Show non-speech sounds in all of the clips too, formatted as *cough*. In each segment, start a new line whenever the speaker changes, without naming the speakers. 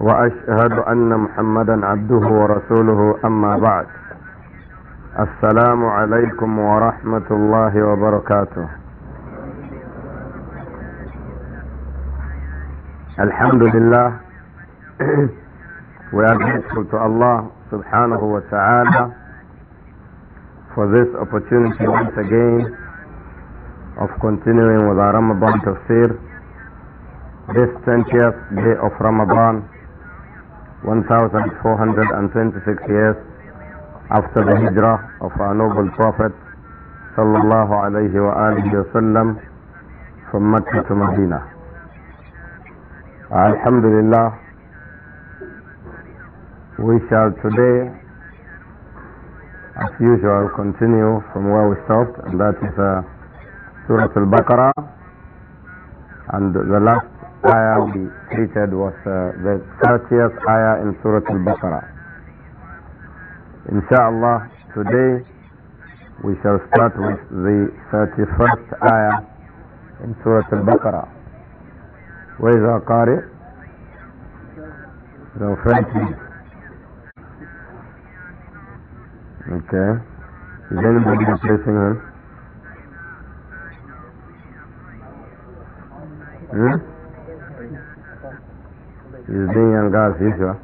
واشهد ان محمدا عبده ورسوله اما بعد السلام عليكم ورحمه الله وبركاته الحمد لله we are grateful to Allah subhanahu wa ta'ala for this opportunity once again of continuing with our Ramadan tafsir this 20th day of Ramadan 1426 years after the hijrah of our noble prophet sallallahu alayhi wa from Mecca to Medina. Alhamdulillah, we shall today, as usual, continue from where we stopped, and that is uh, Surah Al-Baqarah, and the last ayah we treated was uh, the 30th ayah in Surah Al-Baqarah. Inshallah, today we shall start with the 31st ayah in Surah Al-Baqarah. Where is our Qari? The French Okay. Is anybody replacing her?
Hmm? Is being on God's usual.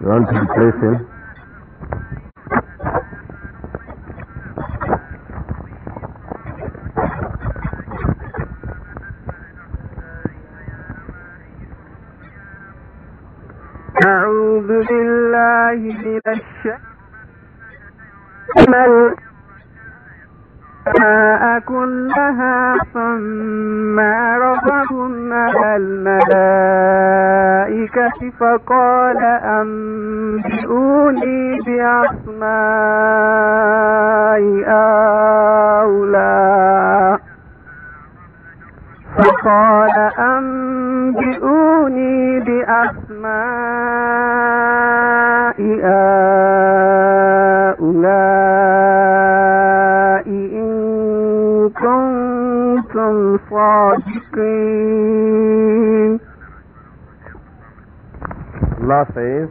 you want to replace him?
أعوذ بالله من من كلها ثم رفعهن الملائكة فقال أنبئوني بأسماء أولاد فقال أنبئوني بأسماء هؤلاء إن كنتم صادقين الله
says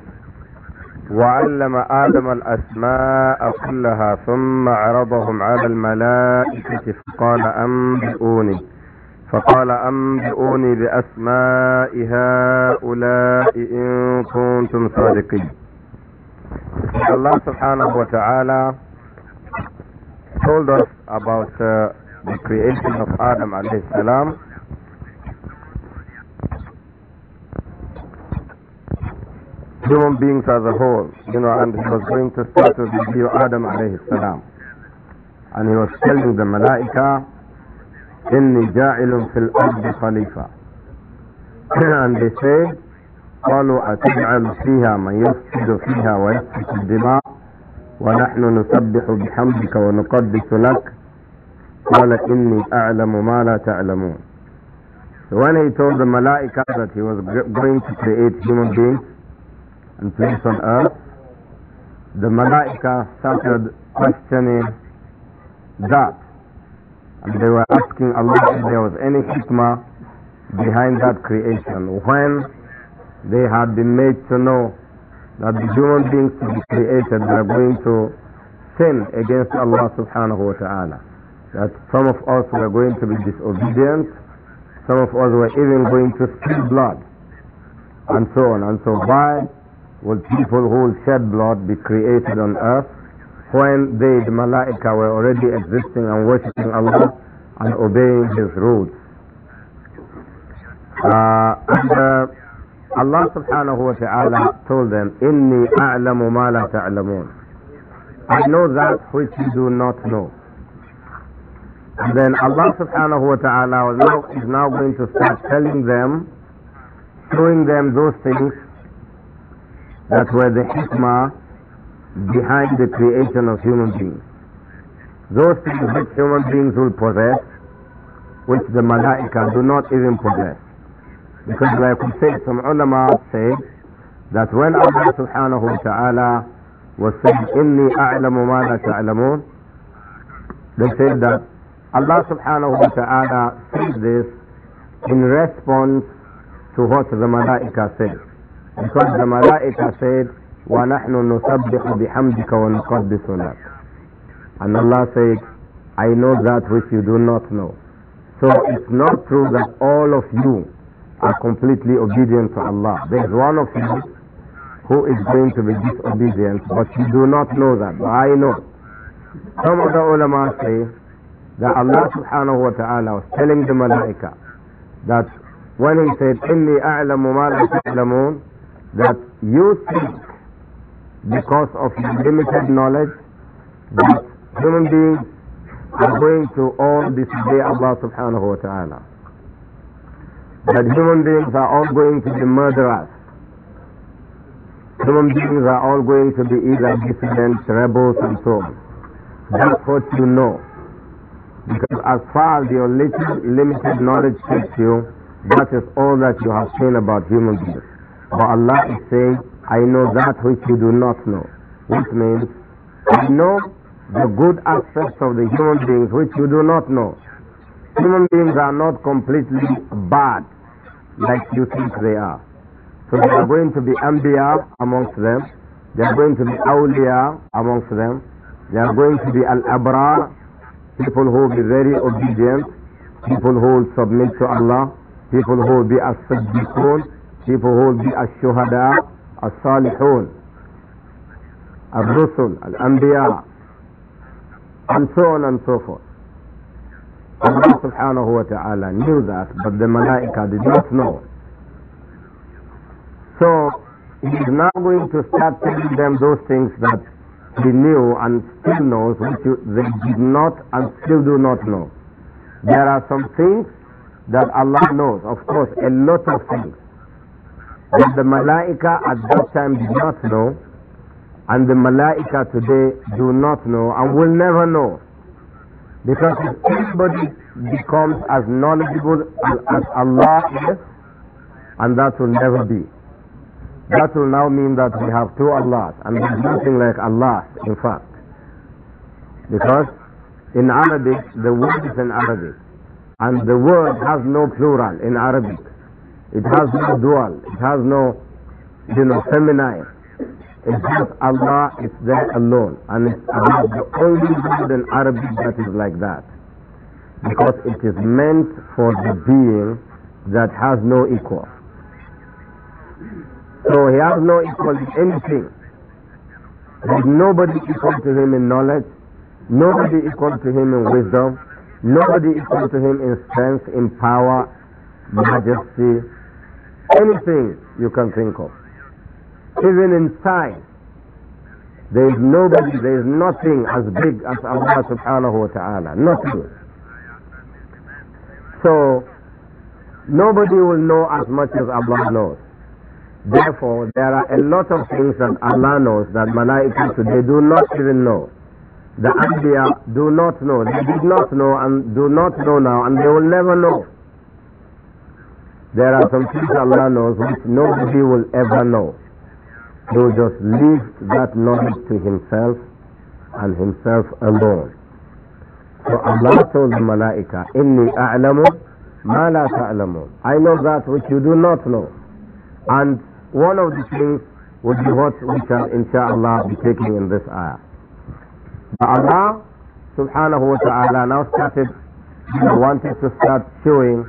وعلم آدم الأسماء كلها ثم عرضهم على الملائكة فقال أنبئوني فقال أنبئوني بأسماء هؤلاء إن كنتم صادقين Allah subhanahu wa told us about uh, the creation of Adam alayhi السلام human beings as a whole you know and he was going to start to review Adam alayhi السلام and he was telling the malaika إني جاعل في الأرض خليفة and they say قالوا أتجعل فيها من يفسد فيها ويسفك الدماء ونحن نسبح بحمدك ونقدس لك قال إني أعلم ما لا تعلمون So when he told the malaika that he was going to create human beings and place on earth, the malaika started questioning that And they were asking Allah if there was any hikmah behind that creation. When they had been made to know that the human beings to be created are going to sin against Allah subhanahu wa ta'ala. That some of us were going to be disobedient, some of us were even going to spill blood, and so on. And so why would people who shed blood be created on earth? when they, the Malaika, were already existing and worshipping Allah and obeying His rules. Uh, and, uh, Allah subhanahu wa ta'ala told them, Inni a'lamu ma la ta'lamun. I know that which you do not know. And then Allah subhanahu wa ta'ala is now going to start telling them, showing them those things that were the hikmah behind the creation of human beings. Those things which human beings will possess, which the malaika do not even possess. Because like we said, some ulama say that when Allah subhanahu wa ta'ala was saying, Inni a'lamu ma la ta'lamun, they said that Allah subhanahu wa ta'ala said this in response to what the malaika said. Because the malaika said, وَنَحْنُ نُسَبِّحُ بِحَمْدِكَ وَنُقَدِّسُ لَكَ And Allah said, I know that which you do not know. So it's not true that all of you are completely obedient to Allah. There is one of you who is going to be disobedient, but you do not know that. But I know. Some of the ulama say that Allah subhanahu wa ta'ala was telling the malaika that when he said, إِنِّي أَعْلَمُ مَا لَا تَعْلَمُونَ that you think because of your limited knowledge that human beings are going to all disobey Allah subhanahu wa ta'ala. That human beings are all going to be murderers. Human beings are all going to be either dissidents, rebels and so on. That's what you know. Because as far as your little, limited knowledge takes you, that is all that you have seen about human beings. But Allah is saying, I know that which you do not know. Which means, I know the good aspects of the human beings which you do not know. Human beings are not completely bad like you think they are. So there are going to be Anbiya amongst them. There are going to be Awliya amongst them. There are going to be al abra people who will be very obedient, people who will submit to Allah, people who will be as people who will be as-Shuhada, الصالحون الرسل الأنبياء and so on and so forth. Allah subhanahu wa ta'ala knew that, but the malaika did not know. So, he's now going to start telling them those things that he knew and still knows, which they did not and still do not know. There are some things that Allah knows, of course, a lot of things. That the Malaika at that time did not know, and the Malaika today do not know and will never know. Because if anybody becomes as knowledgeable as Allah is, and that will never be. That will now mean that we have two Allahs, and there's nothing like Allah, in fact. Because in Arabic, the word is in Arabic, and the word has no plural in Arabic. It has no dual. It has no, you know, feminine. It's just Allah, it's there alone. And it's the only word in Arabic that is like that. Because it is meant for the being that has no equal. So he has no equal in anything. There's nobody equal to him in knowledge, nobody equal to him in wisdom, nobody equal to him in strength, in power,
majesty,
anything you can think of. Even in size, there is nobody, there is nothing as big as Allah subhanahu wa ta'ala. Nothing. So, nobody will know as much as Allah knows. Therefore, there are a lot of things that Allah knows that Malaika today do not even know. The Anbiya do not know. They did not know and do not know now and they will never know. There are some things Allah knows which nobody will ever know. He will just leave that knowledge to himself and himself alone. So Allah told the Malaika, Inni a'lamu ma la ta'lamu." I know that which you do not know. And one of the things would be what we shall insha'Allah, be taking in this ayah. But Allah subhanahu wa ta'ala now started, wanted to start showing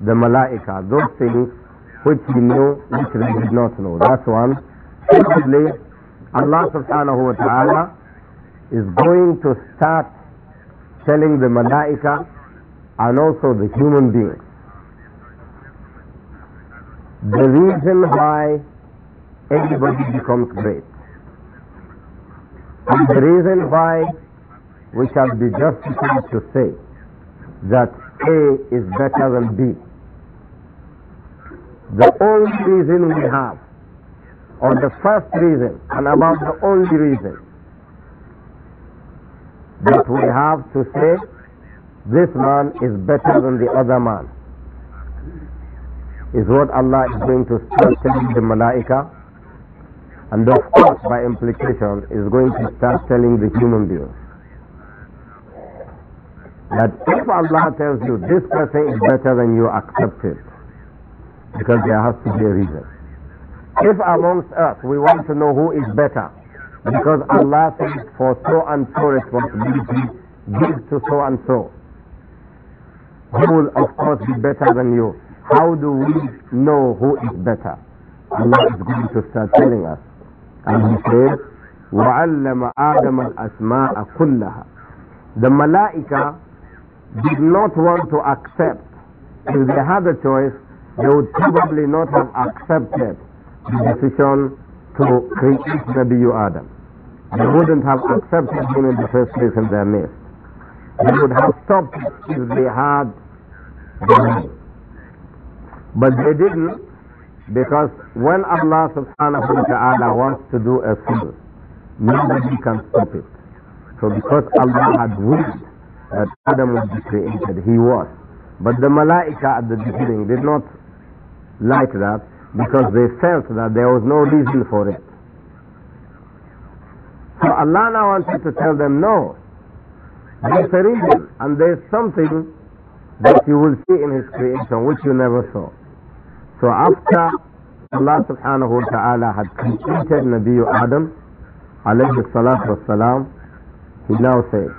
the malaika, those things which we knew, which we did not know. That's one. Secondly, Allah subhanahu wa ta'ala is going to start telling the malaika and also the human beings. The reason why everybody becomes great. And the reason why we shall be justified to say that A is better than B the only reason we have, or the first reason, and about the only reason that we have to say this man is better than the other man is what Allah is going to start telling the malaika and of course by implication is going to start telling the human beings that if Allah tells you this person is better than you accept it because there has to be a reason. If amongst us we want to know who is better, because Allah says for so and so responsibility, give to so and so. Who will of course be better than you? How do we know who is better? Allah is going to start telling us. And he says, وَعَلَّمَ آدَمَ الْأَسْمَاءَ كُلَّهَا The Malaika did not want to accept, if they had a choice, they would probably not have accepted the decision to create Nabi Adam. They wouldn't have accepted him in the first place in their midst. They would have stopped if they had the money. But they didn't because when Allah subhanahu wa ta'ala wants to do a thing, nobody can stop it. So because Allah had willed that Adam would be created, he was. But the malaika at the beginning did not like that because they felt that there was no reason for it. So Allah now wanted to tell them, no, there's a reason and there's something that you will see in His creation which you never saw. So after Allah subhanahu wa ta'ala had completed Nabi Adam, alayhi salatu wasalam, he now says,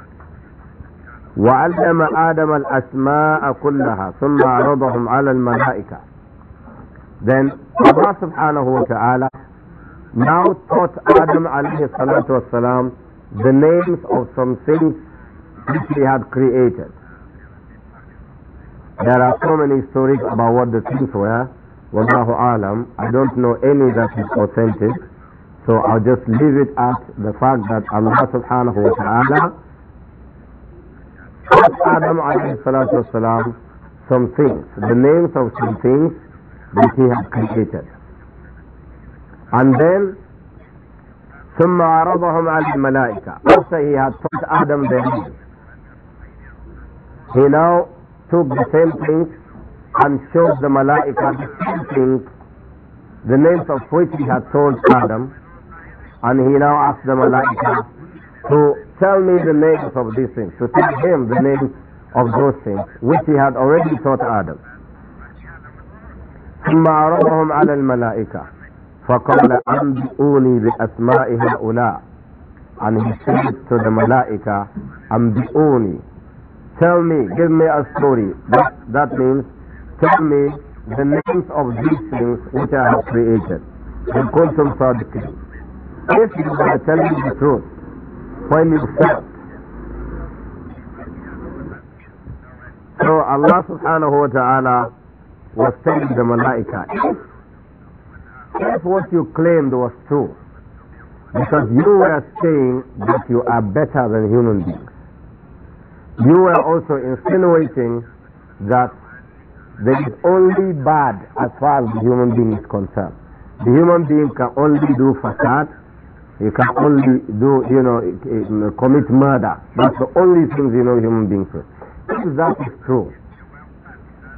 وعلم آدم الأسماء كلها ثم عرضهم على الملائكة then Allah subhanahu wa ta'ala now taught Adam alayhi salatu wasalam the names of some things which he had created. There are so many stories about what the things were. Wallahu alam. I don't know any that is authentic. So I'll just leave it at the fact that Allah subhanahu wa ta'ala taught Adam alayhi salatu wasalam some things, the names of some things which he had completed. And then ثم عرضهم على الملائكة after he had taught Adam the he now took the same thing and showed the malaika the same thing the names of which he had told Adam and he now asked the malaika to tell me the names of these things to tell him the names of those things which he had already taught Adam ثم عرضهم على الملائكة فقال أنبئوني بأسماء هؤلاء and he said to the ملائكة أنبئوني tell me give me a story that, that means tell me the names of these things which I have created in kuntum صادقين if you are telling the truth when you felt so Allah subhanahu wa ta'ala was telling the malaika, if, what you claimed was true, because you were saying that you are better than human beings, you were also insinuating that there is only bad as far as the human being is concerned. The human being can only do facade, he can only do, you know, eh, eh, commit murder. That's the only things you know human beings do. If that is true,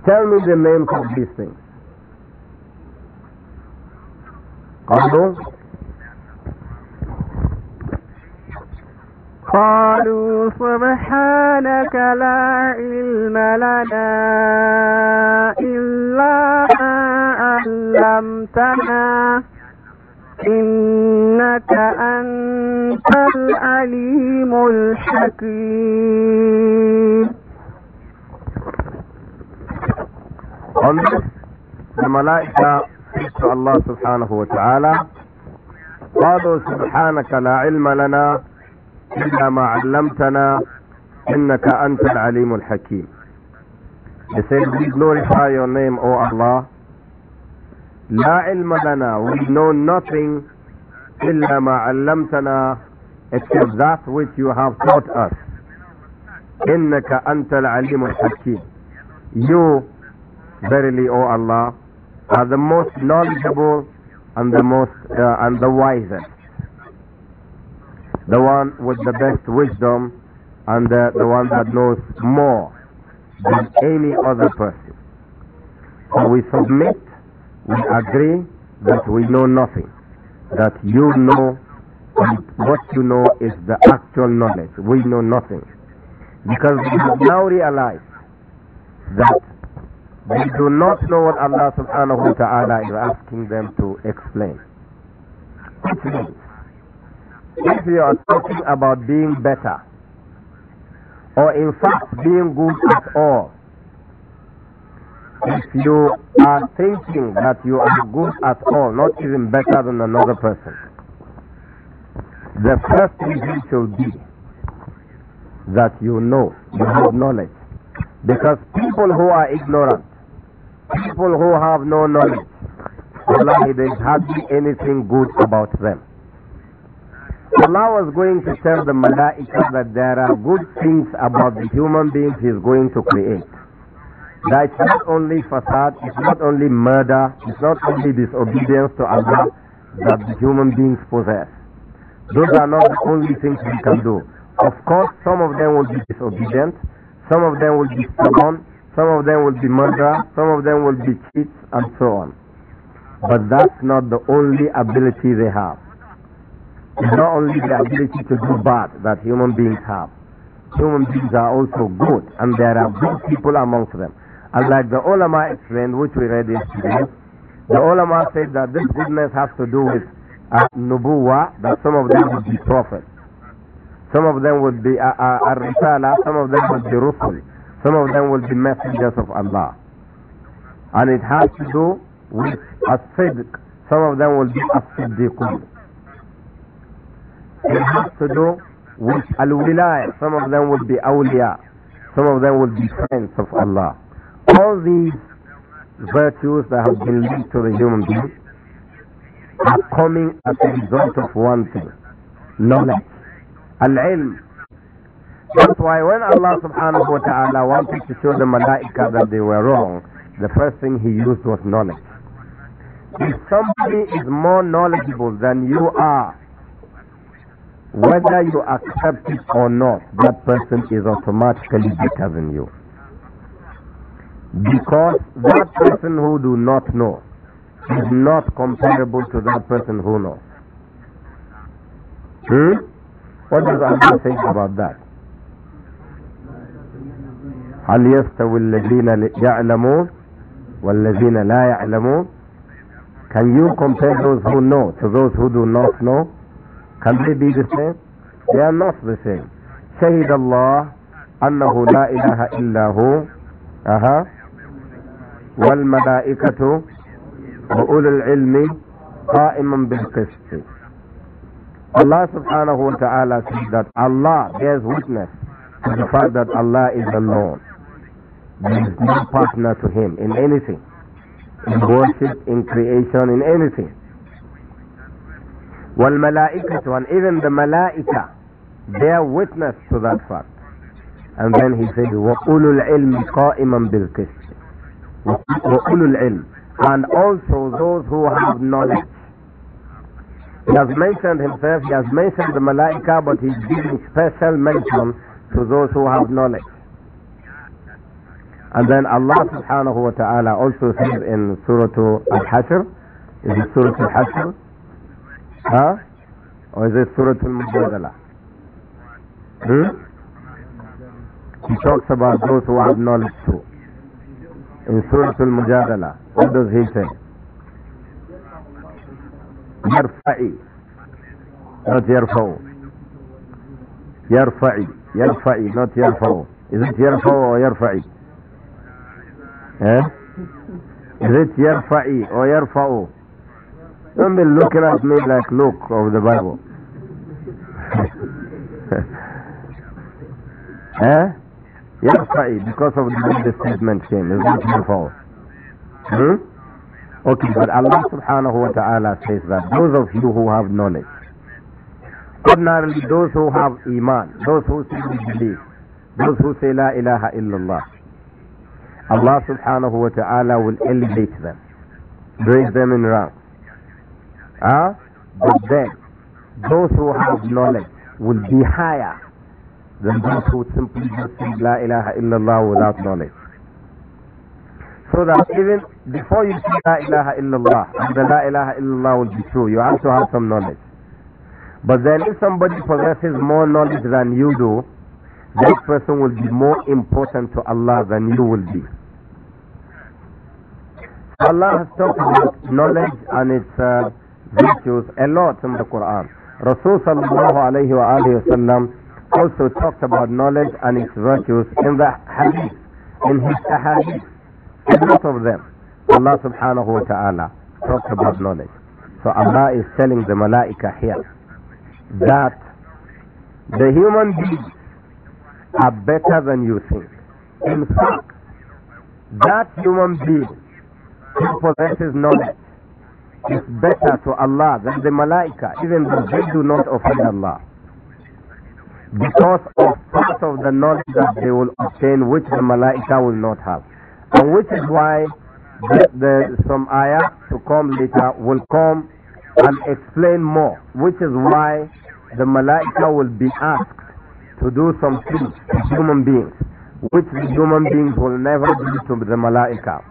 Tell me the names of these things.
قالوا قالوا سبحانك لا علم لنا إلا ما علمتنا إنك أنت العليم الحكيم
On this, the Malaika said to قالوا سبحانك لا علم لنا إلا ما علمتنا إنك أنت العليم الحكيم They say we glorify your name, O Allah. لا علم لنا, we know nothing إلا ما علمتنا except that which you have taught us. إنك أنت العليم الحكيم. You Verily, O Allah, are the most knowledgeable and the most uh, and the wisest, the one with the best wisdom and the, the one that knows more than any other person. So we submit, we agree that we know nothing, that you know, and what you know is the actual knowledge. We know nothing. Because we have now realized that they do not know what Allah subhanahu wa ta'ala is asking them to explain. Which means, if you are talking about being better, or in fact being good at all, if you are thinking that you are good at all, not even better than another person, the first reason should be that you know, you have knowledge. Because people who are ignorant, people who have no knowledge, wallahi, there is hardly anything good about them. Allah was going to tell the Malaika that there are good things about the human beings He's going to create. That it's not only facade, it's not only murder, it's not only disobedience to Allah that the human beings possess. Those are not the only things we can do. Of course, some of them will be disobedient, some of them will be stubborn, some of them will be murderers, some of them will be cheats, and so on. But that's not the only ability they have. It's not only the ability to do bad that human beings have. Human beings are also good, and there are good people amongst them. And like the ulama explained, which we read yesterday, the ulama said that this goodness has to do with uh, nubuwa, that some of them would be prophets. Some of them would be uh, uh, some of them would be rusul. Some of them will be messengers of Allah. And it has to do with as-sidq. Some of them will be as-siddiqun. It has to do with al-wilaya. Some of them will be awliya. Some of them will be friends of Allah. All these virtues that have been linked to the human being are coming as a result of one thing, knowledge. Al-ilm that's why when Allah subhanahu wa ta'ala wanted to show the malaika that they were wrong, the first thing he used was knowledge. If somebody is more knowledgeable than you are, whether you accept it or not, that person is automatically better than you. Because that person who do not know is not comparable to that person who knows. Hmm? What does Allah think about that? هل يستوي الذين يعلمون والذين لا يعلمون Can you compare those who know to those who do not know? Can they be the same? They are not the same. شهد الله أنه لا إله إلا هو أها والملائكة وأولو العلم قائما بالقسط Allah subhanahu wa ta'ala says that Allah bears witness to the fact that Allah is alone. There is no partner to him in anything, in worship, in creation, in anything. وَالْمَلَائِكَةُ And even the malaika bear witness to that fact. And then he says, وَأُولُو الْعِلْمِ قَائِمًا بِالْقِسْطِ وَأُولُو الْعِلْمِ And also those who have knowledge. He has mentioned himself, he has mentioned the malaika, but he's giving special mention to those who have knowledge. And then Allah subhanahu wa ta'ala also says in Surah Al-Hashr, is it Surah Al-Hashr? Huh? Or is it Surah Al-Mujadala? Hmm? He talks about those who have knowledge too. In Surah Al-Mujadala, what does he say? يرفعي not يرفعو يرفعي يرفعي not يرفعو is it يرفعو or يرفعي Eh? Is it Yerfai or yarfa'u? Don't be looking at me like Luke of the Bible. *laughs* eh? Yerfai because of the way the statement came. It's not yarfa'u. Hmm? Okay, but Allah subhanahu wa ta'ala says that those of you who have knowledge, ordinarily those who have iman, those who say believe, those who say la ilaha illallah, Allah subhanahu wa ta'ala will elevate them, raise them in rank. Huh? Ah, but then, those who have knowledge will be higher than those who simply just say La ilaha illallah without knowledge. So that even before you say La ilaha illallah, and the La ilaha illallah will be true, you have to have some knowledge. But then if somebody possesses more knowledge than you do, that person will be more important to Allah than you will be. Allah has talked about knowledge and its uh, virtues a lot in the Quran. Rasulullah sallallahu also talked about knowledge and its virtues in the hadith, in his ahadith, a lot of them. Allah subhanahu wa ta'ala talked about knowledge. So Allah is telling the malaika here that the human beings are better than you think. In fact, that human being who possesses knowledge. It's better to Allah than the malaika, even though they do not offend Allah. Because of part of the knowledge that they will obtain, which the malaika will not have. And which is why the, the, some ayah to come later will come and explain more, which is why the malaika will be asked to do some things to human beings, which the human beings will never do to the malaika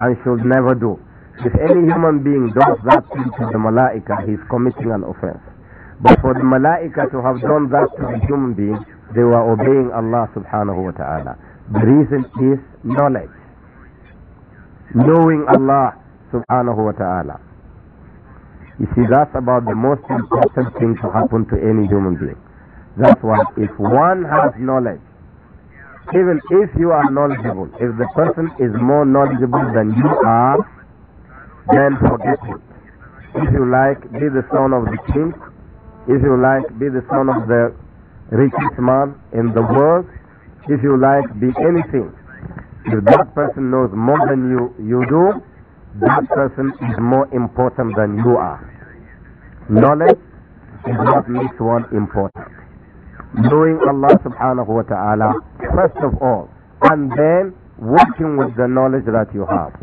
and should never do. If any human being does that thing to the malaika, he is committing an offense. But for the malaika to have done that to the human being, they were obeying Allah subhanahu wa ta'ala. The reason is knowledge. Knowing Allah subhanahu wa ta'ala. You see, that's about the most important thing to happen to any human being. That's why if one has knowledge, even if you are knowledgeable, if the person is more knowledgeable than you are, then forget it. If you like, be the son of the king. If you like, be the son of the richest man in the world. If you like, be anything. If that person knows more than you, you do, that person is more important than you are. Knowledge is what makes one important knowing Allah subhanahu wa ta'ala first of all and then working with the knowledge that you have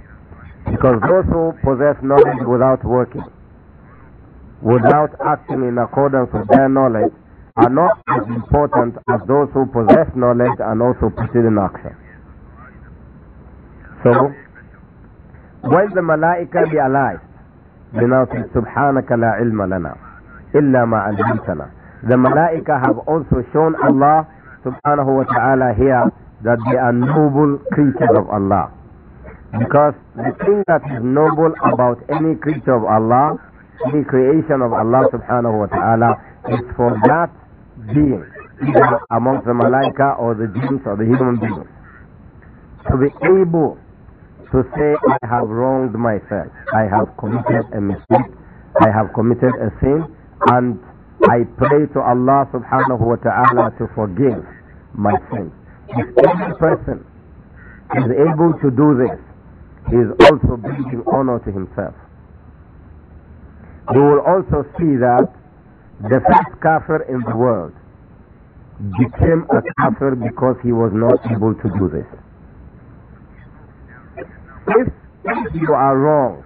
because those who possess knowledge without working without acting in accordance with their knowledge are not as important as those who possess knowledge and also put it in action so when the malaika realized they now say subhanaka la ilma lana illa ma alhamtana the malaika have also shown Allah subhanahu wa ta'ala here that they are noble creatures of Allah. Because the thing that is noble about any creature of Allah, any creation of Allah subhanahu wa ta'ala, is for that being, either amongst the malaika or the jinns or the human beings, to be able to say, I have wronged myself, I have committed a mistake, I have committed a sin, and I pray to Allah subhanahu wa ta'ala to forgive my sins.
If any
person is able to do this, he is also bringing honor to himself. We will also see that the first kafir in the world became a kafir because he was not able to do this. If, if you are wrong,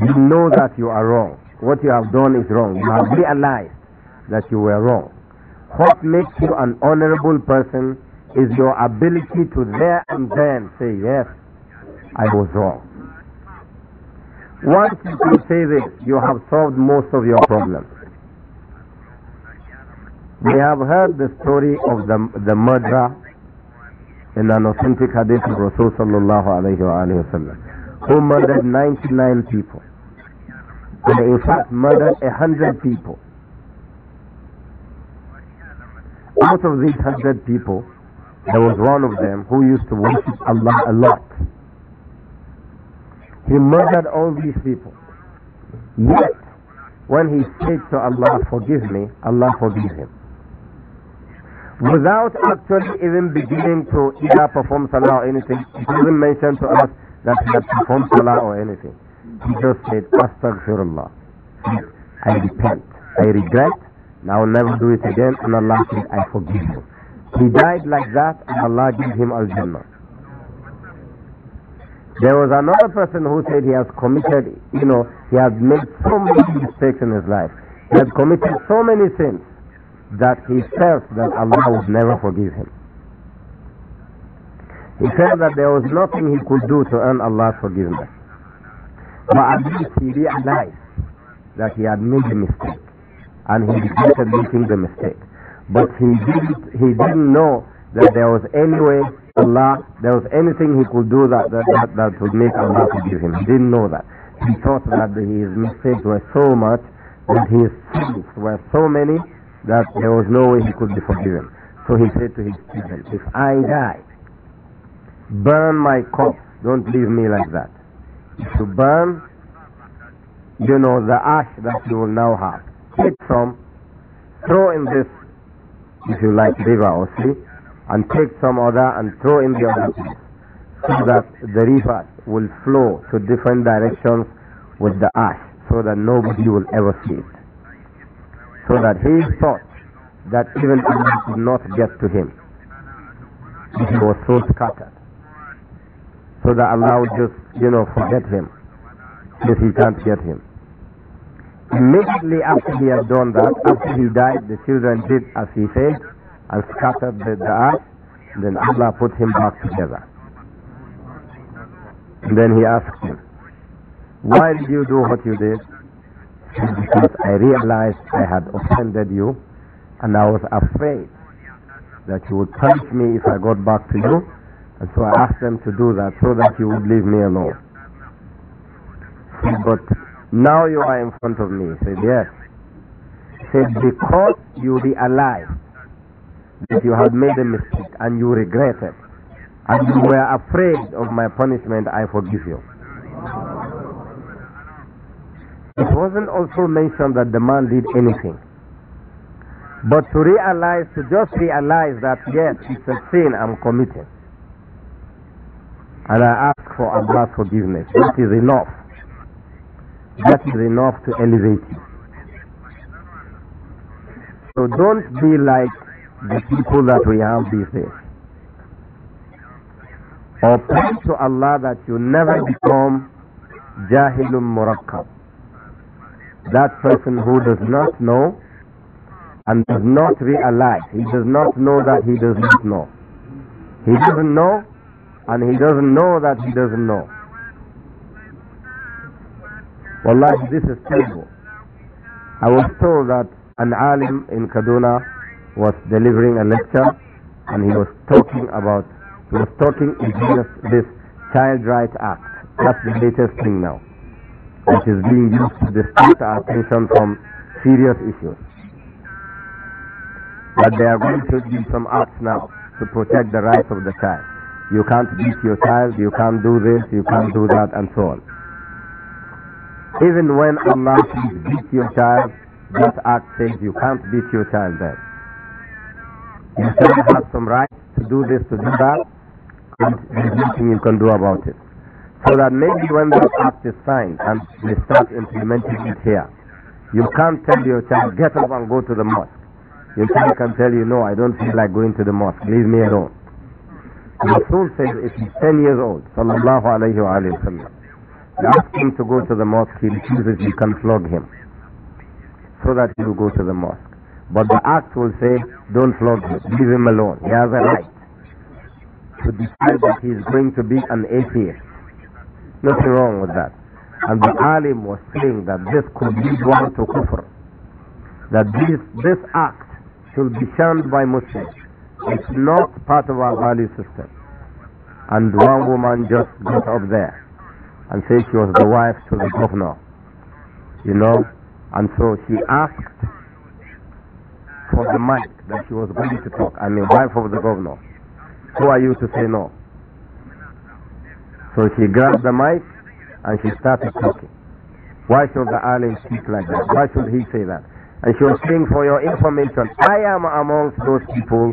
you know that you are wrong what you have done is wrong. You have realized that you were wrong. What makes you an honorable person is your ability to there and then say, yes, I was wrong. Once you can say this, you have solved most of your problems. We have heard the story of the, the murderer in an authentic hadith of Rasulullah sallallahu who murdered 99 people and in fact murdered a hundred people. Out of these hundred people, there was one of them who used to worship Allah a lot. He murdered all these people. Yet, when he said to Allah, Forgive me, Allah forgives him. Without actually even beginning to either perform salah or anything, he doesn't mention to us that he had performed salah or anything. He just said, Astaghfirullah. I repent. I regret. I will never do it again. And Allah said, I forgive you. He died like that and Allah gave him Al-Jannah. There was another person who said he has committed, you know, he has made so many mistakes in his life. He has committed so many sins that he felt that Allah would never forgive him. He felt that there was nothing he could do to earn Allah's forgiveness. But at least he realized that he had made a mistake and he regretted making the mistake. But he didn't, he didn't know that there was any way Allah, there was anything he could do that, that, that, that would make Allah forgive him. He didn't know that. He thought that his mistakes were so much, that his sins were so many, that there was no way he could be forgiven. So he said to his children, if I die, burn my corpse, don't leave me like that to burn, you know, the ash that you will now have. Take some, throw in this, if you like, river or sea, and take some other and throw in the other place, so that the river will flow to different directions with the ash, so that nobody will ever see it. So that he thought that even Allah could not get to him. He was so scattered so that Allah will just, you know, forget him, that he can't get him. Immediately after he had done that, after he died, the children did as he said and scattered the, the Then Allah put him back together. And then he asked him, Why did you do what you did? Because I realized I had offended you and I was afraid that you would punish me if I got back to you and so I asked them to do that so that you would leave me alone. but now you are in front of me. Said, yes. Said, because you realized that you had made a mistake and you regretted and you were afraid of my punishment, I forgive you. It wasn't also mentioned that the man did anything. But to realize, to just realize that yes, it's a sin I'm committing and I ask for Allah's forgiveness. That is enough. That is enough to elevate you. So don't be like the people that we have these days. Or pray to Allah that you never become Jahilun Murakkab. That person who does not know and does not realize. He does not know that he does not know. He doesn't know and he doesn't know that he doesn't know. Wallahi, this is terrible. I was told that an alim in Kaduna was delivering a lecture and he was talking about, he was talking against this Child Rights Act. That's the latest thing now,
which is being
used to distract our attention from serious issues. But there are going to be some acts now to protect the rights of the child you can't beat your child, you can't do this, you can't do that, and so on. Even when Allah says beat your child, that act says you can't beat your child then. Your child has some right to do this, to do that, and there's nothing you can do about it. So that maybe when that act is signed and they start implementing it here, you can't tell your child, get up and go to the mosque. Your child can tell you, no, I don't feel like going to the mosque, leave me alone. Rasul says if he's 10 years old, sallallahu alayhi wa sallam, ask him to go to the mosque, he refuses, you can flog him so that he will go to the mosque. But the act will say, don't flog him, leave him alone. He has a right to decide that he is going to be an atheist. Nothing wrong with that. And the alim was saying that this could lead one to kufr. That this, this act should be shunned by Muslims. It's not part of our value system. And one woman just got up there and said she was the wife to the governor, you know, and so she asked for the mic that she was going to talk. I mean, wife of the governor. Who are you to say no? So she grabbed the mic and she started talking. Why should the island speak like that? Why should he say that? And she was saying, for your information, I am amongst those people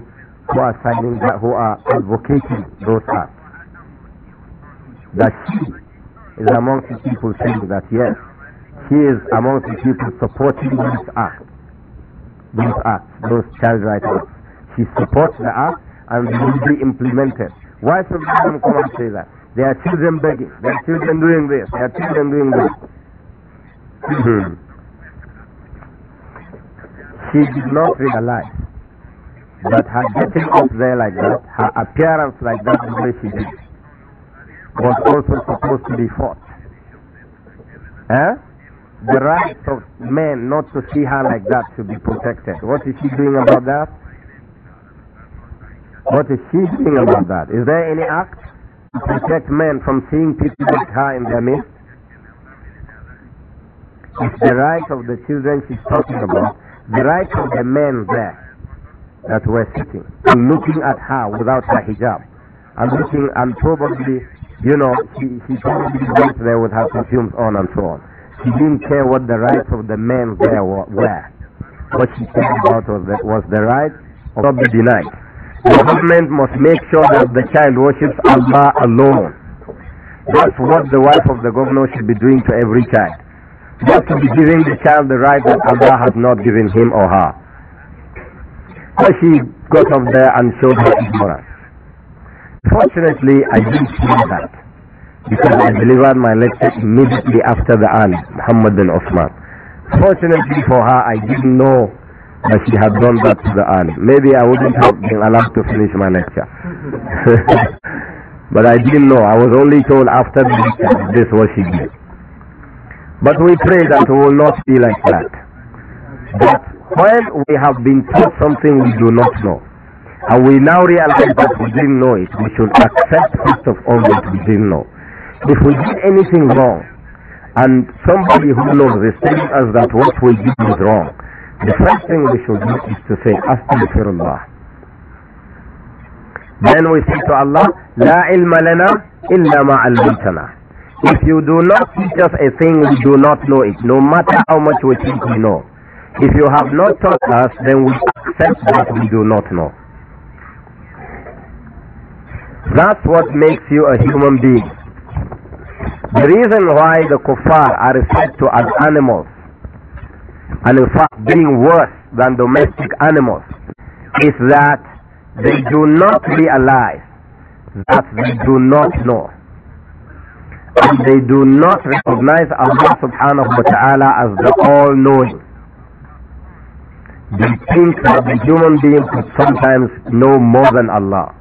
who are signing that, who are advocating those acts. That she is amongst the people saying that yes, she is amongst the people supporting those acts, those acts, those child rights acts. She supports the act and will be implemented. Why should them come and say that? There are children begging, there are children doing this, there are children doing this. she hmm. did not realize that her getting up there like that, her appearance like that, the way she did, was also supposed to be fought. Eh? The right of men not to see her like that should be protected. What is she doing about that? What is she doing about that? Is there any act to protect men from seeing people like her in their midst? It's the right of the children she's talking about, the right of the men there that were sitting and looking at her without her hijab and looking and probably, you know, she, she probably went there with her perfumes on and so on. She didn't care what the rights of the men there were. What she cared about was that was the right of the denied. The government must make sure that the child worships Allah alone. That's what the wife of the governor should be doing to every child. Not to be giving the child the right that Allah has not given him or her. But she got up there and showed her ignorance. Fortunately, I didn't see that because I delivered my lecture immediately after the aunt, Muhammad bin Osman. Fortunately for her, I didn't know that she had done that to the aunt. Maybe I wouldn't have been allowed to finish my lecture. *laughs* but I didn't know. I was only told after the lecture this was she did. But we pray that we will not be like that. That when we have been taught something we do not know, and we now realize that we didn't know it, we should accept first of all that we didn't know. If we did anything wrong, and somebody who knows this tells us that what we did was wrong, the first thing we should do is to say, Astaghfirullah. Then we say to Allah, La ilma lana illa ma'allamtana. If you do not teach us a thing, we do not know it, no matter how much we think we know. If you have not taught us, then we accept that we do not know. That's what makes you a human being. The reason why the kuffar are referred to as animals, and in fact being worse than domestic animals, is that they do not realize that they do not know. And they do not recognize Allah subhanahu wa ta'ala as the all knowing. They think that the human being could sometimes know more than Allah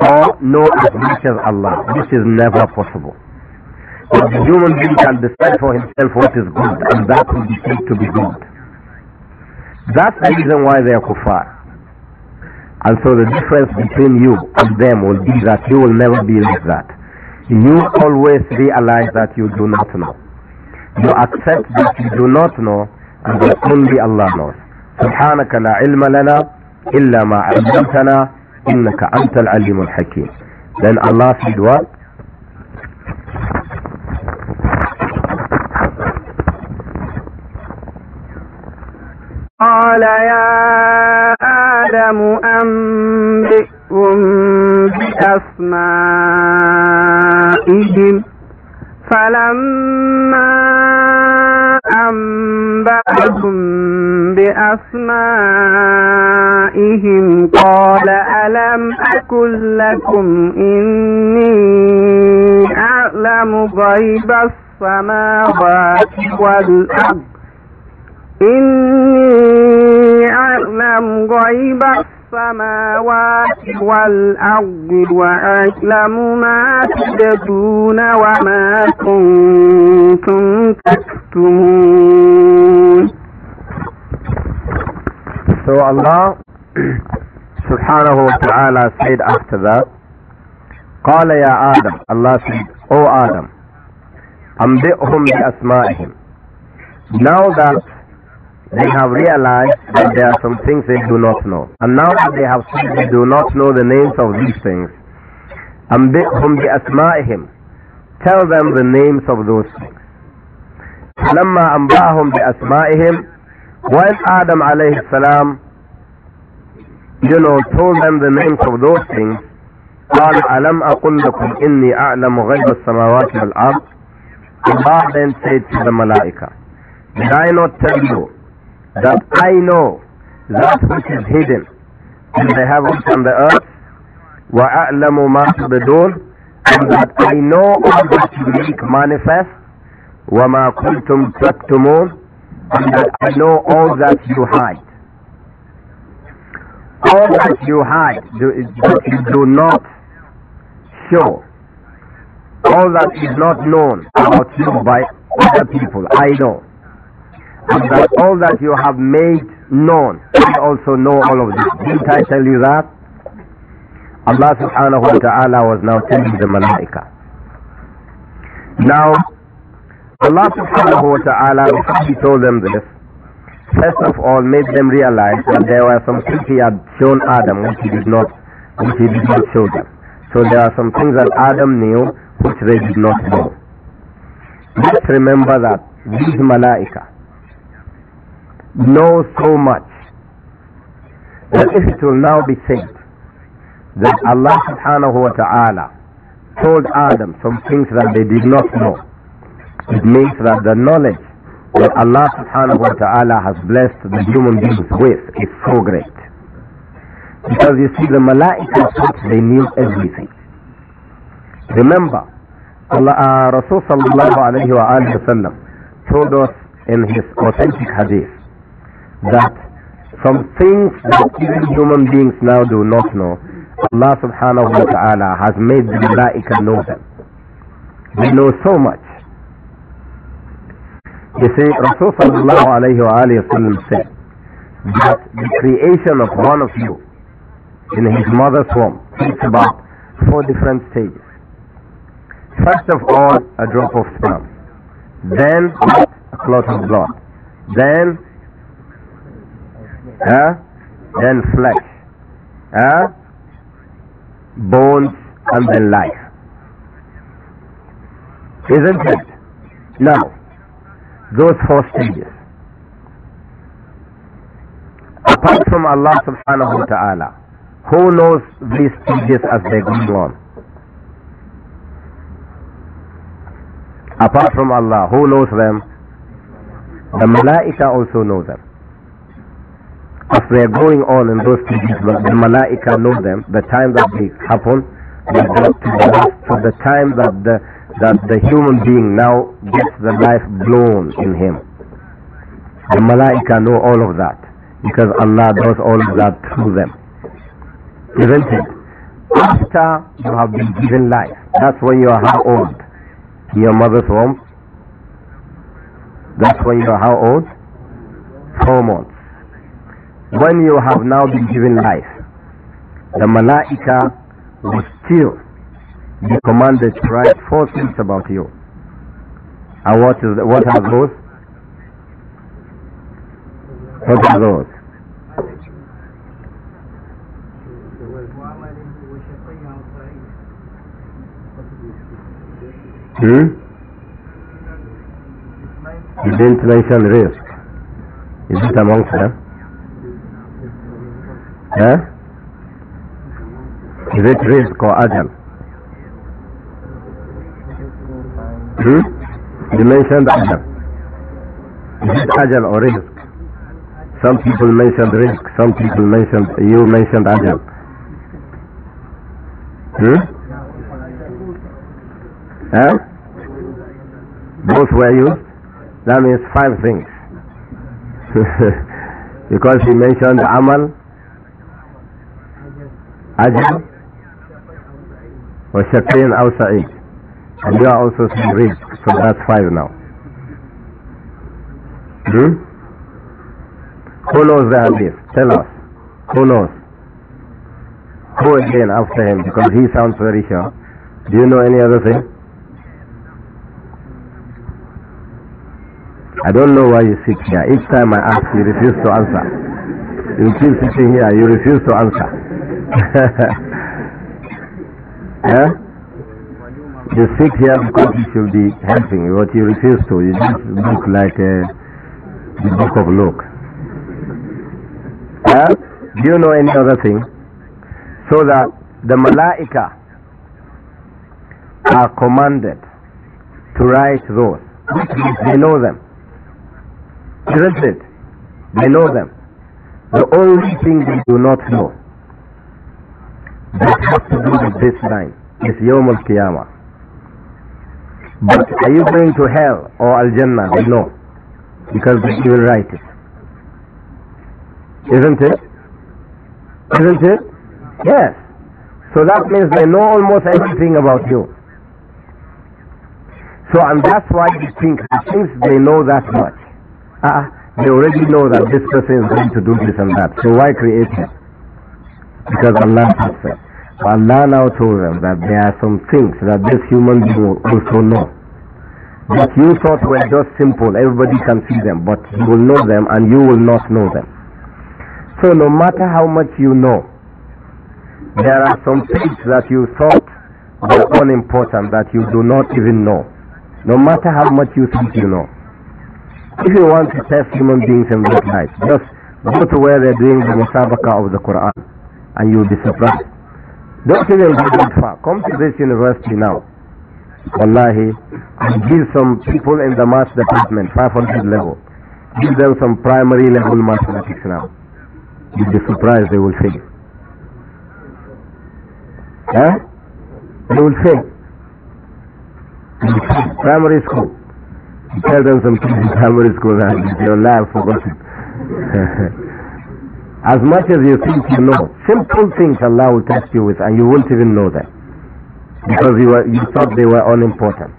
or know as much as Allah, This is never possible. But the human being can decide for himself what is good, and that will be said to be good. That's the reason why they are kuffar. And so the difference between you and them will be that you will never be like that. You always realize that you do not know. You accept that you do not know and that only Allah knows. سبحانك لا علم لنا إلا ما علمتنا إنك أنت العليم الحكيم لأن الله في دواء
قال يا آدم أنبئهم بأسمائهم فلما أنبأهم بأسمائهم قال ألم أكن لكم إني أعلم غيب السماوات والأرض إني أعلم غيب السماوات والأرض وأعلم ما تبدون وما كنتم تكتمون So Allah سبحانه
وتعالى ta'ala said after that قال يا آدم Allah said O Adam أنبئهم بأسمائهم Now that they have realized that there are some things they do not know. And now that they have said they do not know the names of these things, أنبئهم بأسمائهم Tell them the names of those things. لما أنبأهم بأسمائهم When Adam عليه السلام you know, told them the names of those things, قال ألم أقل لكم إني أعلم غيب السماوات والأرض Allah then said to the malaka, Did I not tell you that I know that which is hidden in the heavens and the earth وَأَعْلَمُ مَا تُبِدُونَ and that I know all that you make manifest وَمَا كُنْتُمْ تَكْتُمُونَ and that I know all that you hide all that you hide that you do not show all that is not known about you by other people I know and that all that you have made known, I also know all of this. Didn't I tell you that? Allah subhanahu wa ta'ala was now telling the malaika. Now, Allah subhanahu wa ta'ala, before he told them this, first of all made them realize that there were some things he had shown Adam which he did not, which he did not show them. So there are some things that Adam knew which they did not know. Let's remember that these malaika, know so much that it will now be said that Allah subhanahu wa ta'ala told Adam some things that they did not know. It means that the knowledge that Allah subhanahu wa ta'ala has blessed the human beings with is so great. Because you see, the malaika thought they knew everything. Remember, Allah, uh, Rasul sallallahu alayhi wa sallam told us in his authentic hadith that from things that even human beings now do not know, Allah subhanahu wa ta'ala has made the malaika know them. They know so much. You see, Rasul sallallahu alayhi wa said that the creation of one of you in his mother's womb takes about four different stages. First of all, a drop of sperm. Then a clot of blood. Then huh? then flesh, huh? bones, and then life. Isn't it? Now, those four stages. Apart from Allah subhanahu wa ta'ala, who knows these stages as they go on? Apart from Allah, who knows them? The Malaika also know them as they are going on in those stages, the malaika know them, the time that they happen, for the time that the, that the human being now gets the life blown in him. The malaika know all of that because Allah does all of that through them. Isn't it? After you have been given life, that's when you are how old? In your mother's womb? That's when you are how old? Four months when you have now been given life, the malaika will still be commanded to write four things about you. And what, is, the, what are those? What are those? Hmm? You didn't mention risk. Is it amongst them? Huh? Is it risk or ajal? Hmm? You mentioned ajal. Is it or risk? Some people mentioned risk, some people mentioned, you mentioned ajal. Hmm? Huh? Both were used? That means five things. *laughs* because he mentioned amal, Ajam or Shatain Al Sa'id. And you are also saying Rizq, so that's five now. Hmm? Who knows the Hadith? Tell us. Who knows? Who again after him? Because he sounds very sure. Do you know any other thing? I don't know why you sit here. Each time I ask, you refuse to answer. You keep sitting here, you refuse to answer huh? You sit here because you should be helping, but you refuse to. You just look like uh, the book of Luke. Huh? Do you know any other thing? So that the malaika are commanded to write those. They know them. Isn't it? They know them. The only thing they do not know that has to do with this time. It's Yawm al-Qiyamah. But are you going to hell or Al-Jannah? No. know. Because they will write it. Isn't it? Isn't it? Yes. So that means they know almost everything about you. So and that's why you think since they know that much. Ah, uh, they already know that this person is going to do this and that. So why create it? because Allah has said. Allah now told them that there are some things that this human being will also know. That you thought were just simple, everybody can see them, but you will know them and you will not know them. So no matter how much you know, there are some things that you thought were unimportant that you do not even know. No matter how much you think you know. If you want to test human beings in this life, just go to where they're doing the musabaqah of the Quran and you'll be surprised. Don't even go that far. Come to this university now. Wallahi, and give some people in the math department, 500 level, give them some primary level mathematics now. You'll be surprised they will fail. Yeah? They will fail. Primary school. You tell them some things in primary school and *laughs* they'll laugh forgotten. *laughs* As much as you think you know, simple things Allah will test you with and you won't even know them. Because you, were, you thought they were unimportant.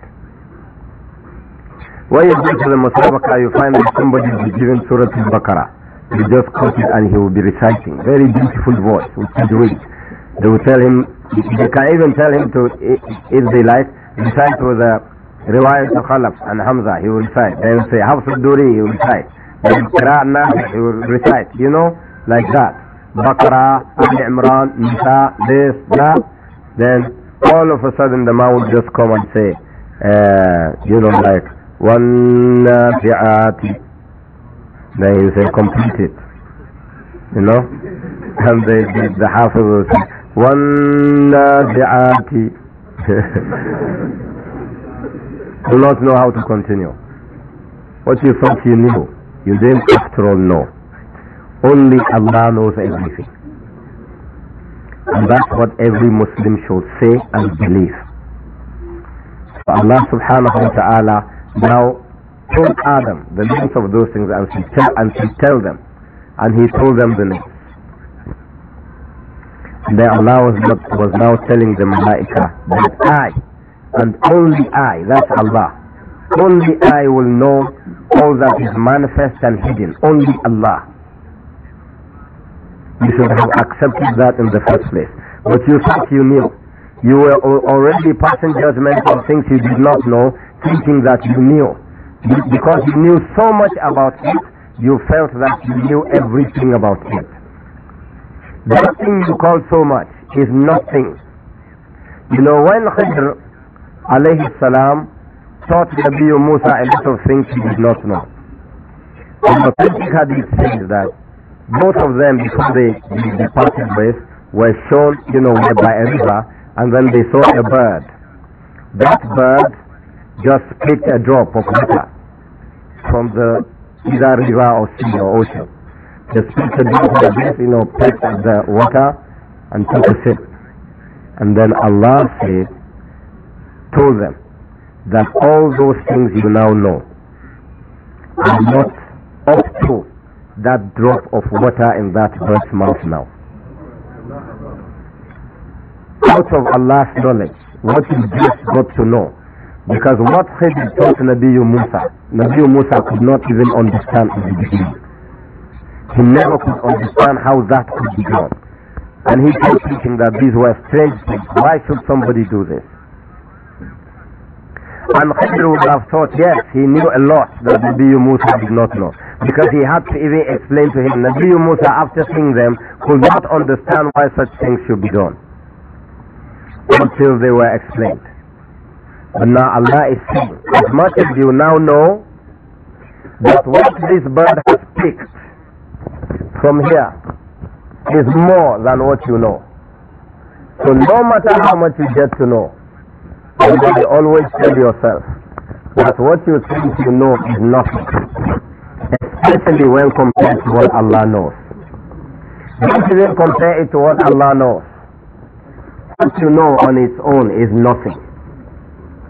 When you go to the Musabaqah, you find that somebody is given Surah Al-Baqarah. You just quote it and he will be reciting. Very beautiful voice, which is read. They will tell him, they can even tell him to, if they like, recite with a riwayat of Khalaf and Hamza, he will recite. They will say, Hafs al-Duri, he will recite. Then he will recite. You know, like that. Baqarah, Ali Imran, Nisa, this, that. Then all of a sudden the man would just come and say, uh, you know, like, one وَالنَّافِعَاتِ Then he say, complete it. You know? *laughs* And the, the, the half of will say, وَالنَّافِعَاتِ *laughs* Do not know how to continue. What you thought you knew, you didn't after all know. Only Allah knows everything. And that's what every Muslim should say and believe. So Allah subhanahu wa ta'ala now told Adam the names of those things and he tell, and he tell them. And he told them the names. Then Allah was, not, was now telling the Malaika that I, and only I, that's Allah, only I will know all that is manifest and hidden. Only Allah you should have accepted that in the first place. But you thought you knew. You were already passing judgment on things you did not know, thinking that you knew. Because you knew so much about it, you felt that you knew everything about it. That thing you call so much is nothing. You know, when Khidr alayhi salam taught Nabi Musa a lot of things he did not know. And the authentic hadith says that both of them before they, departed, were shown, you know, by a river, and then they saw a bird. That bird just picked a drop of water from the either river or sea or ocean. Just picked a drop of you know, picked the water and took a sip. And then Allah said, told them that all those things you now know are not up to that drop of water in that bird's mouth now. Out of Allah's knowledge, what you just got to know. Because what Khidr taught Nabi Musa, Nabi Musa could not even understand in the beginning. He never could understand how that could be done. And he kept thinking that these were strange things. Why should somebody do this? And Khidr would have thought, yes, he knew a lot that Nabi Musa did not know because he had to even explain to him. Nabi Musa, after seeing them, could not understand why such things should be done until they were explained. But now Allah is saying, as much as you now know that what this bird has picked from here is more than what you know. So no matter how much you get to know, you always tell yourself that what you think you know is nothing certainly well compared to what Allah knows. Don't even compare it to what Allah knows. What you know on its own is nothing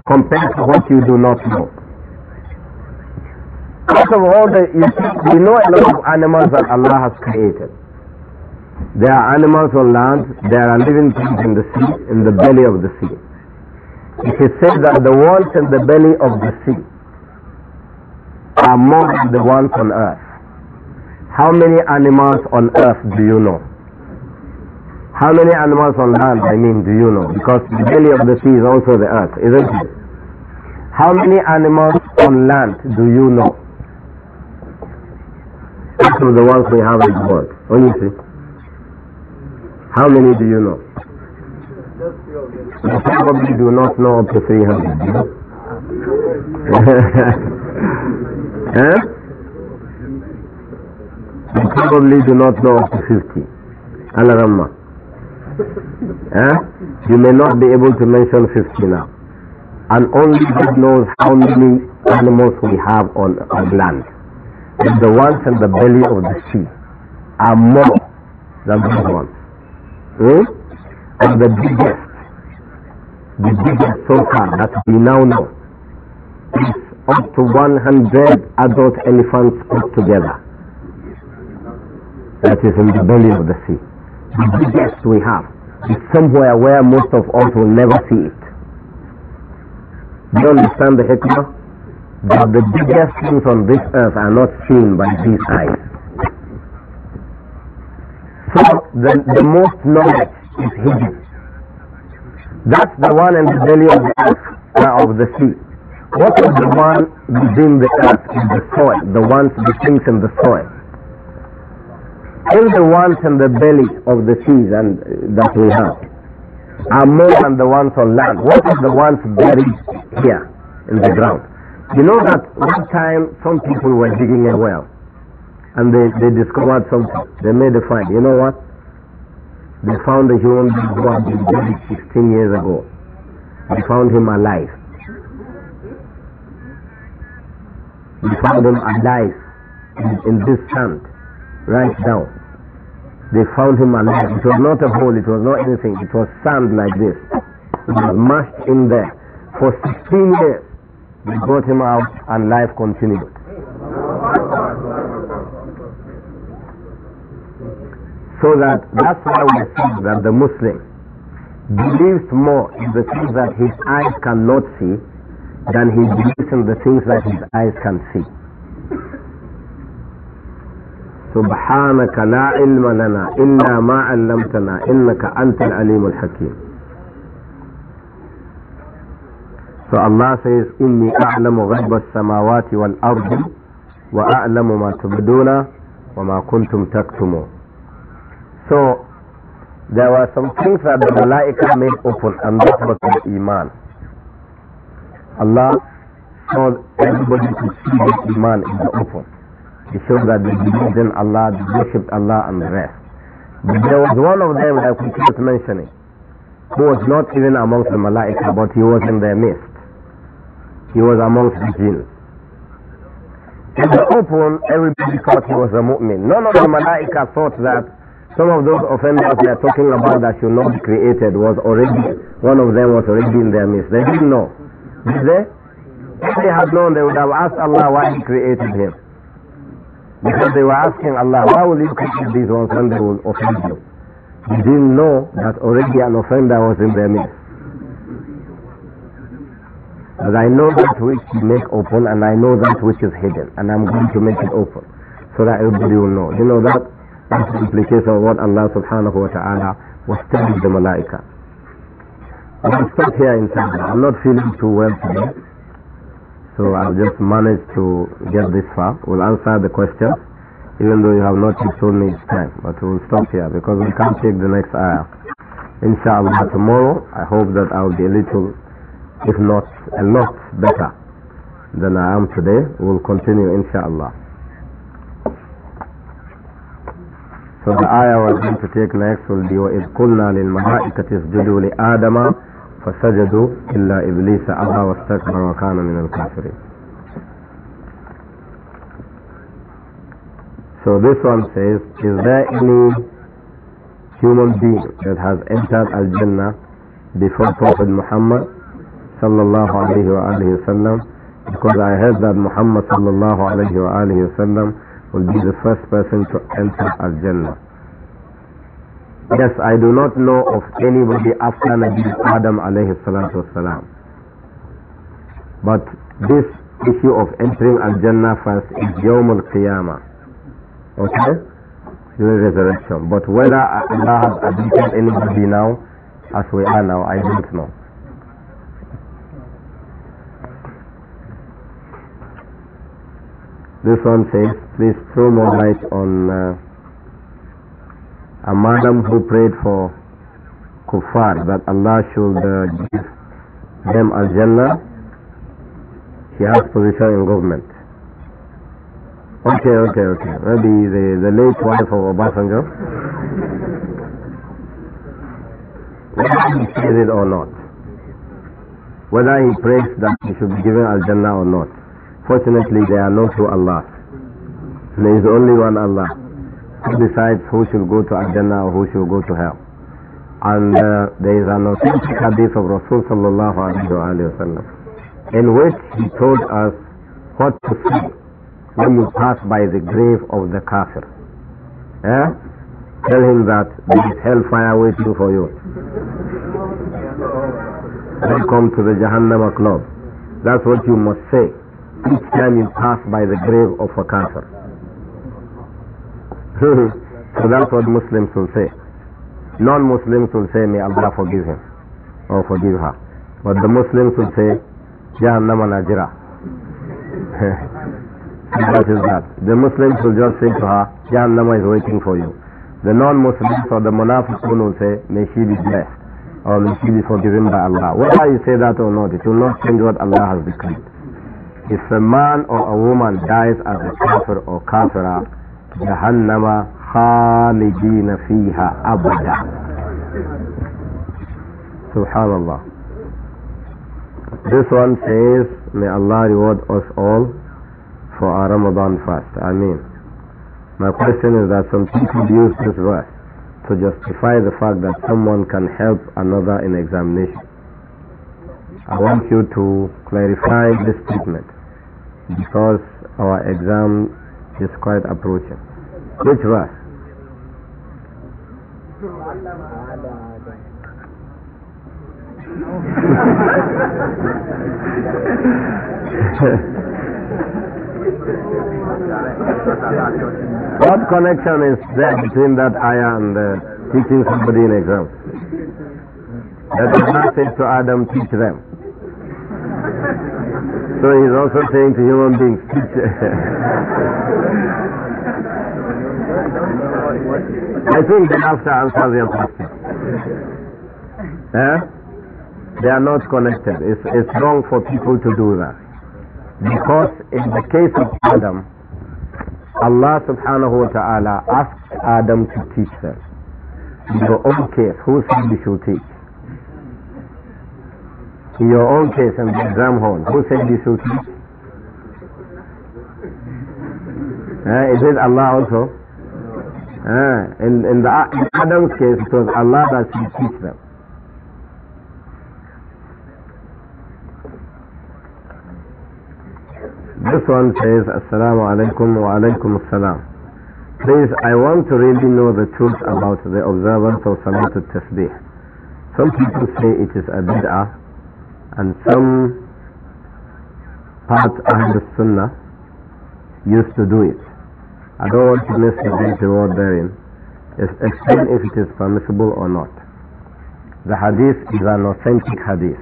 compared to what you do not know. First of all, the, you, we know a lot of animals that Allah has created. There are animals on land, there are living things in the sea, in the belly of the sea. He said that the worms in the belly of the sea are more than the ones on earth. How many animals on earth do you know? How many animals on land, I mean, do you know? Because the belly of the sea is also the earth, isn't it? How many animals on land do you know? That's from the ones we have in the world, Only see. How many do you know? You probably do not know up to 300. *laughs* Eh? You probably do not know up to 50. Alaramma. Eh? You may not be able to mention 50 now. And only God knows how many animals we have on, on land. And the ones in the belly of the sea are more than the ones. Eh? And the biggest, the biggest so far that we now know up to 100 adult elephants put together. That is in the belly of the sea. The biggest we have is somewhere where most of us will never see it. you understand the hikmah? That the biggest things on this earth are not seen by these eyes. So the, the most knowledge is hidden. That's the one in the belly of the earth, uh, of the sea. What is the one within the earth in the soil, the ones, the things in the soil? If the ones in the belly of the seas and uh, that we have are more than the ones on land, what is the ones buried here in the ground? You know that one time some people were digging a well and they, they discovered something. They made a find. You know what? They found a human being who had been buried 16 years ago. They found him alive. We found him alive in this sand, right down. They found him alive. It was not a hole, it was not anything, it was sand like this. He was mashed in there. For 16 years, they brought him out and life continued. So that that's why we see that the Muslim believes more in the things that his eyes cannot see than he believes in the things that his eyes can see. سبحانك لا علم لنا إلا ما علمتنا إنك أنت العليم الحكيم So Allah says إني أعلم غيب السماوات والأرض وأعلم ما تبدون وما كنتم تكتمون So there were some things that the Malaika made open and that was the Iman Allah called everybody to see the Iman in the open. He showed that they believed in Allah, they worshipped Allah and the rest. But there was one of them that we keep mentioning, who was not even amongst the Malaika, but he was in their midst. He was amongst the jinn. In the open, everybody thought he was a mu'min. None of the Malaika thought that some of those offenders they are talking about that should not be created was already, one of them was already in their midst. They didn't know they? If they had known, they would have asked Allah why He created him. Because they were asking Allah, why will you create these ones when they will offend you? They didn't know that already an offender was in their midst. But I know that which you make open and I know that which is hidden and I'm going to make it open so that everybody will know. You know that? That's the implication of what Allah subhanahu wa ta'ala was telling the malaika. I will stop here inshallah. I'm not feeling too well today. So I've just managed to get this far. We'll answer the questions, even though you have not told me it's time. But we'll stop here because we can't take the next hour. Inshallah, tomorrow I hope that I'll be a little, if not a lot better than I am today. We'll continue inshallah. So the ayah we're going to take next will be وَإِذْ قُلْنَا لِلْمَلَائِكَةِ اسْجُدُوا لِآدَمَ فسجدوا إلا إبليس أبى واستكبر وكان من الكافرين So this one says, is there any human being that has entered Al-Jannah before Prophet Muhammad sallallahu alayhi wa alayhi wasallam? Because I heard that Muhammad sallallahu alayhi wa alayhi wasallam will be the first person to enter Al-Jannah. Yes, I do not know of anybody after Nabi Adam alayhi salatu wasalam. But this issue of entering Al-Jannah first is Yawm al-Qiyamah. Okay? During resurrection. But whether Allah has admitted anybody now, as we are now, I don't know. This one says, please throw more light on... Uh, a madam who prayed for kuffar that Allah should uh, give them al Jannah. She has position in government. Okay, okay, okay. Maybe the, the late wife of Obasanjo. Whether he says it or not. Whether he prays that he should be given Al Jannah or not. Fortunately, there are no two Allahs. There is only one Allah who decides who should go to Jannah or who should go to hell. And uh, there is an authentic hadith of Rasulullah sallallahu alayhi wa in which he told us what to say when you pass by the grave of the kafir. Eh? Tell him that there is hellfire waiting for you. Welcome to the Jahannam club. That's what you must say each time you pass by the grave of a kafir so *laughs* that's what Muslims will say. Non-Muslims will say, may Allah forgive him or forgive her. But the Muslims will say, Jahannam Najira. that *laughs* is that. The Muslims will just say to her, Jahannam is waiting for you. The non-Muslims or the munafiqun will say, may she be blessed or may she be forgiven by Allah. Whether you say that or not, it will not change what Allah has decreed. If a man or a woman dies as a kafir or kafirah, جهنم خالدين فيها أبدا سبحان الله This one says, may Allah reward us all for our Ramadan fast. I mean, my question is that some people use this verse to justify the fact that someone can help another in examination. I want you to clarify this statement because our exam is quite approaching. Which verse?
*laughs*
what
connection is there between that ayah and uh, teaching somebody an exam? That Allah said to Adam, teach them. So he's also saying to human beings,
*laughs*
I think the after answer your question. Eh? They are not connected. It's, it's wrong for people to do that. Because in the case of Adam, Allah subhanahu wa ta'ala asked Adam to teach them. In your own case, who said you should teach? in your own case and the drum hole. Who said this will Uh, is it Allah also? Uh, in, in, the, in Adam's case, it was Allah that should teach them. This one says, Assalamu alaikum wa alaikum assalam. Please, I want to really know the truth about the observance of Salatul Tasbih. Some people say it is a bid'ah and some part of the Sunnah used to do it. I don't want to miss the date the word therein. Explain if it is permissible or not. The hadith is an authentic hadith.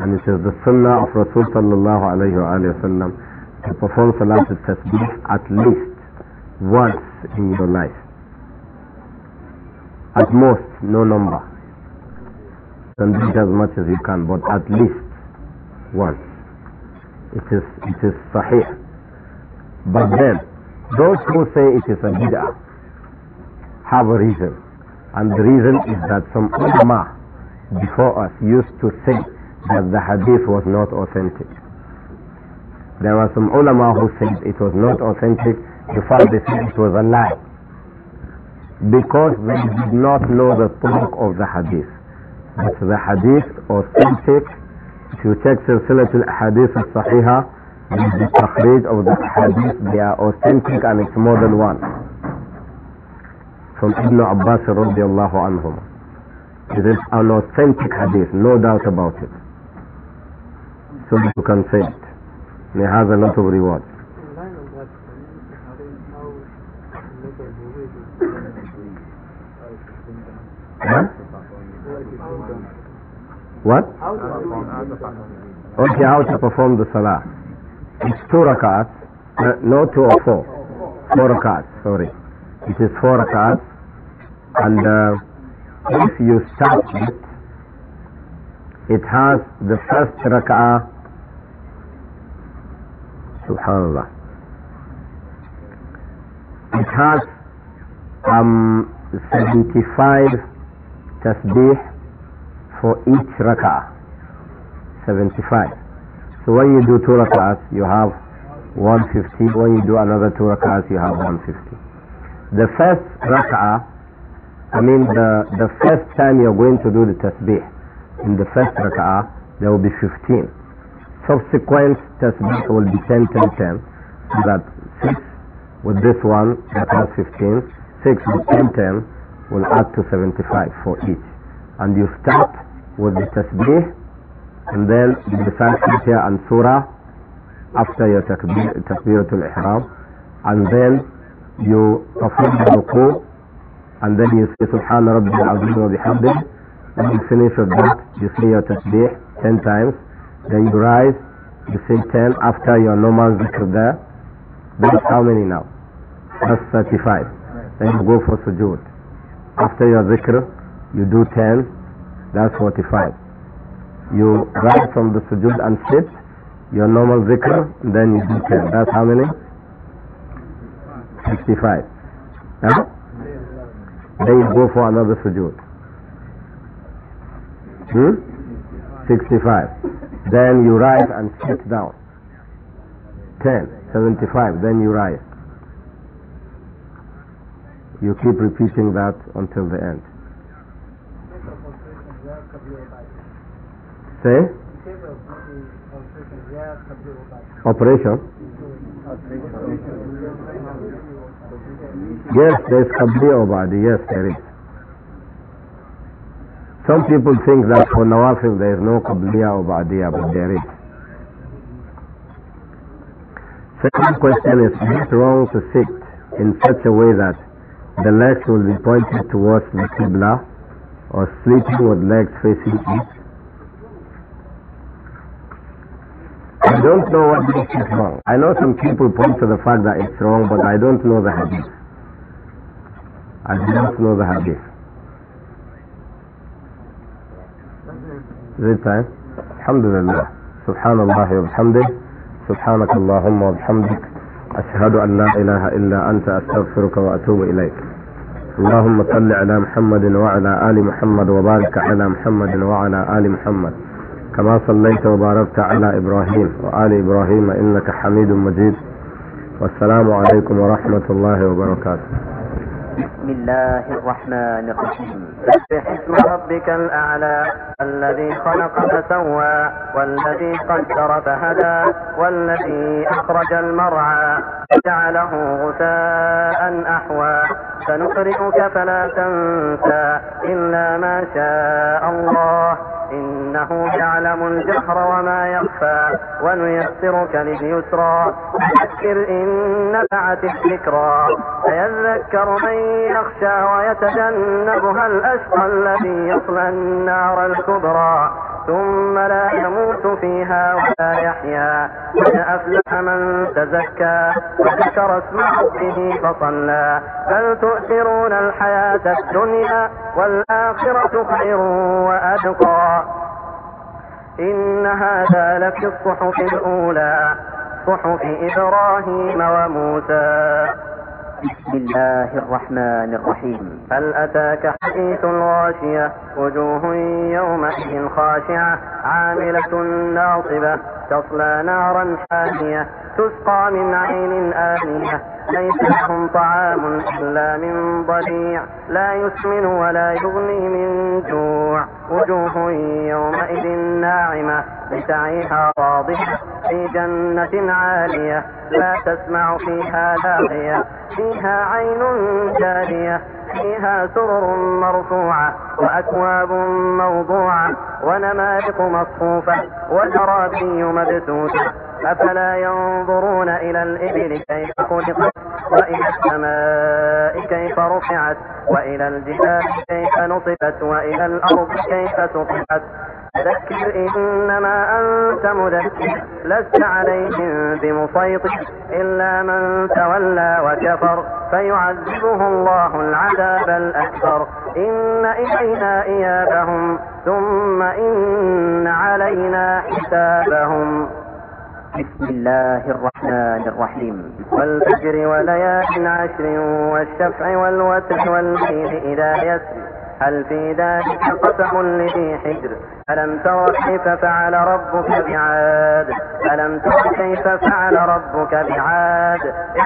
And it is the sunnah of Rasulullah sallallahu alayhi wa to perform salat al-tasbih at least once in your life. At most, no number. And do it as much as you can, but at least once. It is, it is sahih. But then, those who say it is a bid'ah have a reason. And the reason is that some ulama before us used to say that the hadith was not authentic. There were some ulama who said it was not authentic. The fact, they said it was a lie. Because they did not know the talk of the hadith. But the hadith or subject. If you check Silsilatul Hadith al-Sahihah, the takhrij of the hadith, they are authentic and it's more than one. From Ibn Abbas radiallahu anhum. It is an authentic hadith, no doubt about it. So you can say it. it has a lot of reward. What? What? Okay, how to perform the salah. It's two rakats, uh, no two or four. Four rakats, sorry. It is four rakats. And uh, if you start it, it has the first rak'ah, subhanallah. It has um, 75 tasbih for each rak'ah. 75. So when you do two rak'ahs, you have 150. When you do another two rak'ahs, you have 150. The first rak'ah, I mean the, the first time you're going to do the tasbih, in the first rak'ah, there will be 15. Subsequent tasbih will be 10, 10, 10. So that 6 with this one, that has 15. 6 with 10, 10 will add to 75 for each. And you start with the tasbih and then the recite Fatiha and Surah after your takbir, takbiratul ihram and then you perform the ruku and then you say سبحان ربي العظيم وبحمده and you finish with that you say your tasbih 10 times then you rise you say 10 after your normal zikr there that's how many now that's 35 then you go for sujood after your zikr you do 10 that's 45. You rise from the sujood and sit, your normal zikr, then you do 10. That's how many? 65. Huh? Then you go for another sujood. Hmm? 65. Then you rise and sit down. 10. 75. Then you rise. You keep repeating that until the end. Say? Operation. Yes, there's Qabliya Ubadi. Yes, there is. Some people think that for Nawafil there is no Qabliya Ubadiya, but there is. Second question is, is it wrong to sit in such a way that the legs will be pointed towards the Qibla or sleeping with legs facing east? don't know what makes it wrong. I know some people point to the fact that it's wrong, but I don't know the hadith. I do not know the hadith. Is it time? Alhamdulillah. Subhanallah wa bihamdih. سبحانك اللهم وبحمدك أشهد أن لا إله إلا أنت أستغفرك وأتوب إليك اللهم صل على محمد وعلى آل محمد وبارك على محمد وعلى آل محمد كما صليت وباركت على إبراهيم وآل إبراهيم إنك حميد مجيد والسلام عليكم ورحمة الله وبركاته
بسم الله الرحمن الرحيم سبح اسم ربك الأعلى الذي خلق فسوى والذي قدر فهدى والذي أخرج المرعى جعله غثاء أحوى سنقرئك فلا تنسى إلا ما شاء الله إنه يعلم الجهر وما يخفى ونيسرك لليسرى فذكر إن نفعت الذكرى سيذكر من يخشى ويتجنبها الأشقى الذي يصلى النار الكبرى ثم لا يموت فيها ولا يحيا قد أفلح من تزكى وذكر اسم ربه فصلى بل تؤثرون الحياة الدنيا والآخرة خير وأبقى إن هذا لفي الصحف الأولى صحف إبراهيم وموسى بسم الله الرحمن الرحيم هل أتاك حديث الغاشية وجوه يومئذ خاشعة عاملة ناصبة تصلى نارا حامية تسقى من عين آنية ليس لهم طعام إلا من ضريع لا يسمن ولا يغني من جوع وجوه يومئذ ناعمة لسعيها راضحة في جنة عالية لا تسمع فيها لاغية فيها عين جارية فيها سرر مرفوعة وأكواب موضوعة ونمارق مصفوفة وزرابي مبثوثة أفلا ينظرون إلى الإبل كيف خلقت وإلى السماء كيف رفعت وإلى الجبال كيف نصبت وإلى الأرض كيف سطحت ذكر إنما أنت مذكر لست عليهم بمسيطر إلا من تولى وكفر فيعذبه الله العذاب الأكبر إن إلينا إيابهم ثم إن علينا حسابهم بسم الله الرحمن الرحيم والفجر وليال عشر والشفع والوتر والليل إذا يسر هل في ذلك قسم لذي حجر ألم تر كيف فعل ربك بعاد ألم تر كيف فعل ربك بعاد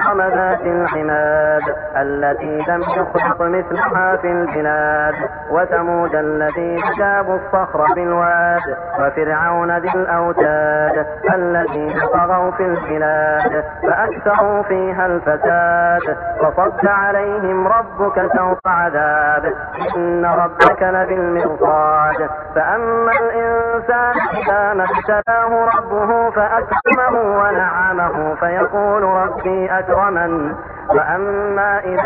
إرم ذات العماد التي لم يخلق مثلها في البلاد وثمود الذين جابوا الصخر في الواد وفرعون ذي الأوتاد الذين طغوا في البلاد فأكثروا فيها الفساد فصد عليهم ربك سوط عذاب إن ربك لبالمرصاد فأما الإنسان إذا ما ابتلاه ربه فأكرمه ونعمه فيقول ربي أكرمن وأما إذا